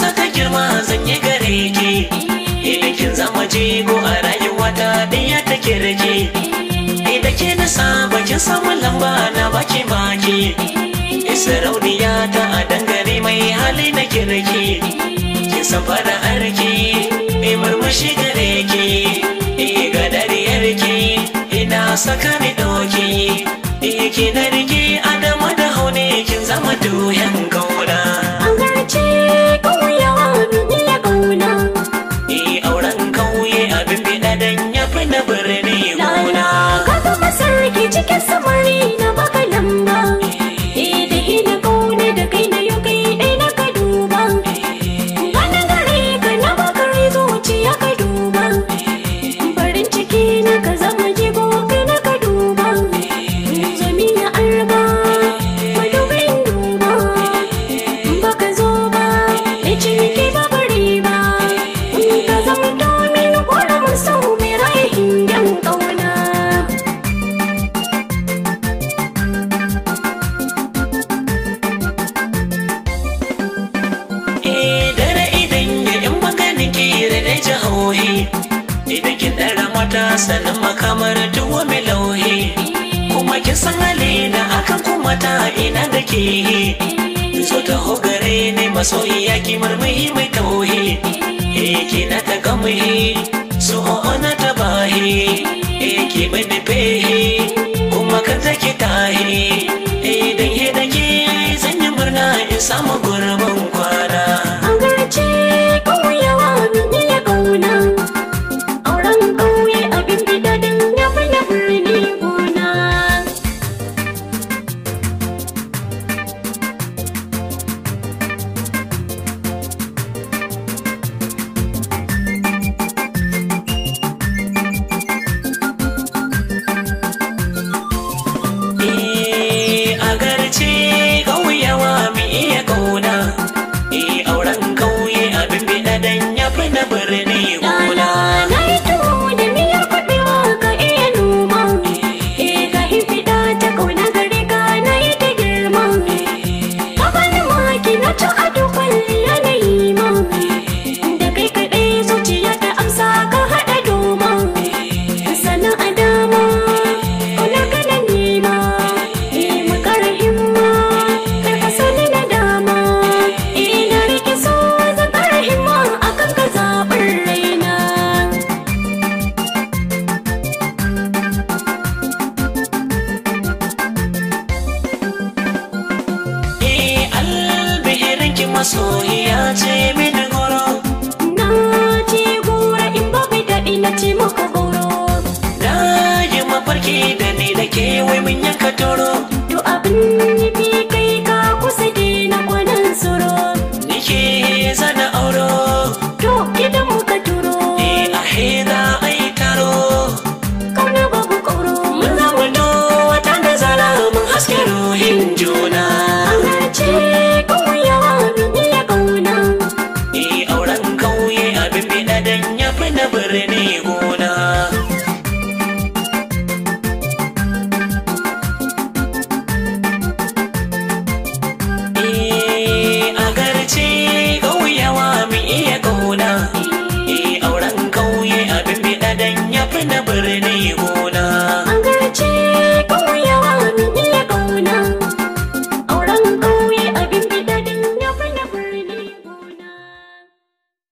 saka girma zan yi gare ki idan kin zama jigo a rayuwata ɗaya take rage idan ke na saba kin lamba na baki baki isa rauniya ta a dangare mai hali na kirki kin san fara arki mai murmushi gare ki ga dariyar ki ina saka mai doki ki na rike nauyi Ida ki dara mata sanin makamar tuwo mai lauyi Kuma kin san halina akan kuma ta ina da ke yi Zo ta hogare ne masoyiya ki marmayi mai tauhi Eki na ta gamuhi su na ta bahi Eki mai nufe kuma kan zaki tahi ya ce min goro na ci gora in babu daɗi na ci maka goro na yi mafarki da ni da ke wai mun yanka toro to abin